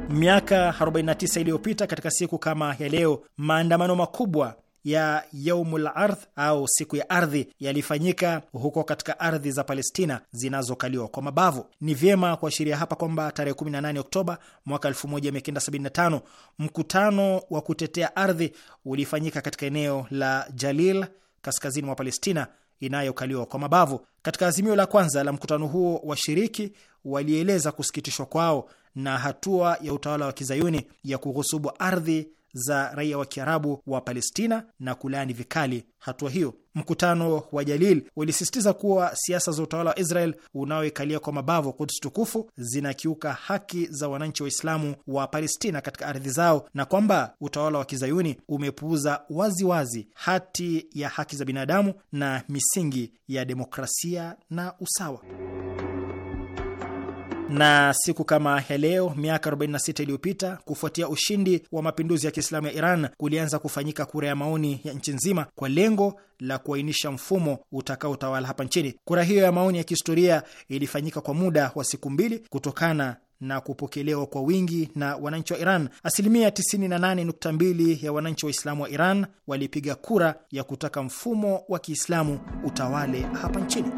Miaka 49 iliyopita katika siku kama ya leo, maandamano makubwa ya Yaumul Ardh au siku ya ardhi yalifanyika huko katika ardhi za Palestina zinazokaliwa kwa mabavu. Ni vyema kuashiria hapa kwamba tarehe 18 Oktoba mwaka 1975 mkutano wa kutetea ardhi ulifanyika katika eneo la Jalil kaskazini mwa Palestina inayokaliwa kwa mabavu. Katika azimio la kwanza la mkutano huo, washiriki walieleza kusikitishwa kwao na hatua ya utawala wa kizayuni ya kughusubu ardhi za raia wa Kiarabu wa Palestina na kulaani vikali hatua hiyo. Mkutano wa Jalil ulisisitiza kuwa siasa za utawala wa Israel unaoikalia kwa mabavu Kuds tukufu zinakiuka haki za wananchi Waislamu wa Palestina katika ardhi zao na kwamba utawala wa kizayuni umepuuza waziwazi hati ya haki za binadamu na misingi ya demokrasia na usawa na siku kama ya leo miaka 46 iliyopita, kufuatia ushindi wa mapinduzi ya Kiislamu ya Iran, kulianza kufanyika kura ya maoni ya nchi nzima kwa lengo la kuainisha mfumo utakaotawala hapa nchini. Kura hiyo ya maoni ya kihistoria ilifanyika kwa muda wa siku mbili kutokana na kupokelewa kwa wingi na wananchi wa Iran. Asilimia 98.2 ya wananchi Waislamu wa Iran walipiga kura ya kutaka mfumo wa Kiislamu utawale hapa nchini.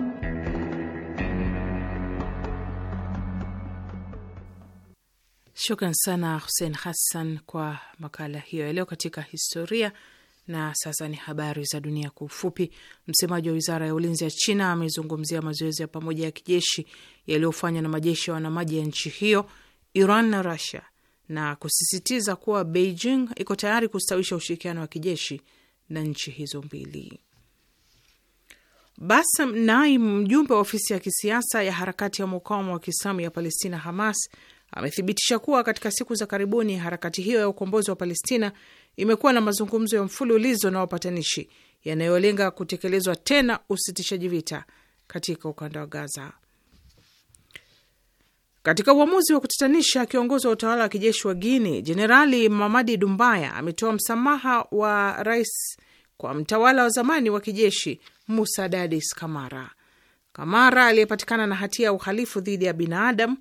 Shukran sana Hussein Hassan kwa makala hiyo ya leo katika historia. Na sasa ni habari za dunia kwa ufupi. Msemaji wa wizara ya ulinzi ya China amezungumzia mazoezi ya pamoja ya kijeshi yaliyofanywa na majeshi ya wanamaji ya nchi hiyo, Iran na Rusia, na kusisitiza kuwa Beijing iko tayari kustawisha ushirikiano wa kijeshi na nchi hizo mbili. Basam Naim, mjumbe wa ofisi ya kisiasa ya harakati ya mukawama wa kiislamu ya Palestina, Hamas, amethibitisha kuwa katika siku za karibuni harakati hiyo ya ukombozi wa Palestina imekuwa na mazungumzo ya mfululizo na wapatanishi yanayolenga kutekelezwa tena usitishaji vita katika ukanda wa Gaza. Katika uamuzi wa kutatanisha, kiongozi wa utawala wa kijeshi wa Guini Jenerali Mamadi Dumbaya ametoa msamaha wa rais kwa mtawala wa zamani wa kijeshi Musa Dadis Kamara. Kamara aliyepatikana na hatia ya uhalifu dhidi ya binadamu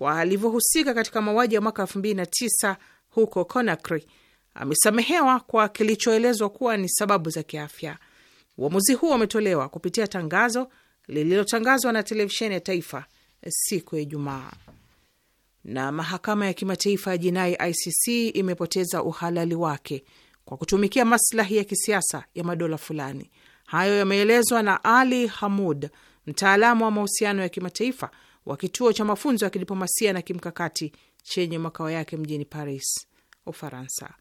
kwa alivyohusika katika mauaji ya mwaka 2009 huko Conakry amesamehewa kwa kilichoelezwa kuwa ni sababu za kiafya. Uamuzi huo umetolewa kupitia tangazo lililotangazwa na televisheni ya taifa siku ya Ijumaa. Na mahakama ya kimataifa ya jinai ICC imepoteza uhalali wake kwa kutumikia maslahi ya kisiasa ya madola fulani. Hayo yameelezwa na Ali Hamud, mtaalamu wa mahusiano ya kimataifa wa kituo cha mafunzo ya kidiplomasia na kimkakati chenye makao yake mjini Paris, Ufaransa.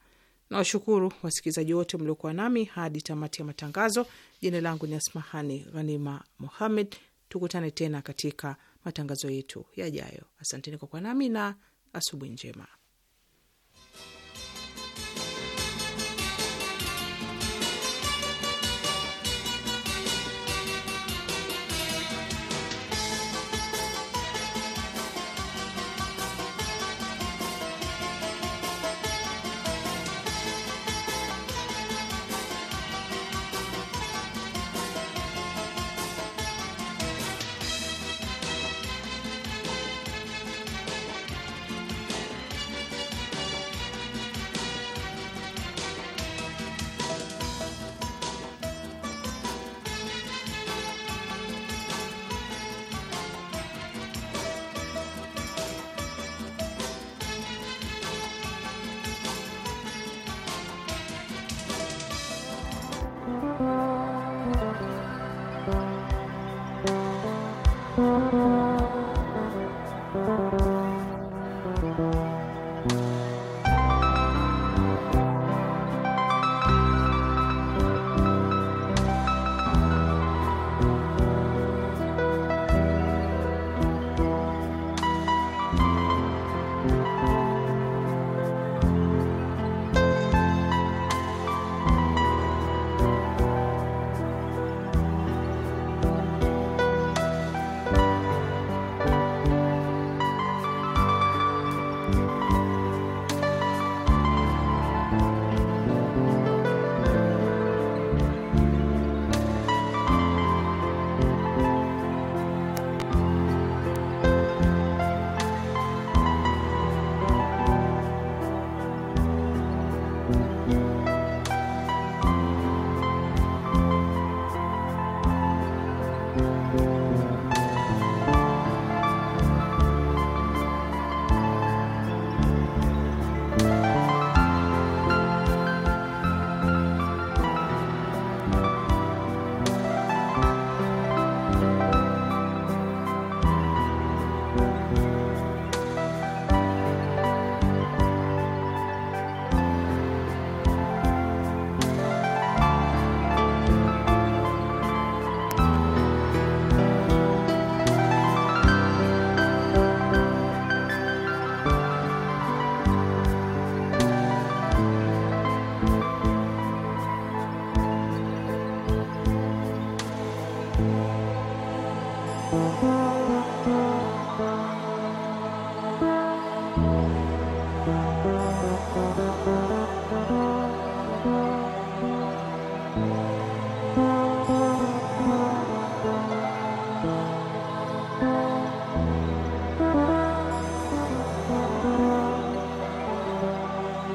Nawashukuru wasikilizaji wote mliokuwa nami hadi tamati ya matangazo. Jina langu ni Asmahani Ghanima muhammed Tukutane tena katika matangazo yetu yajayo. Asanteni kwa kuwa nami na asubuhi njema.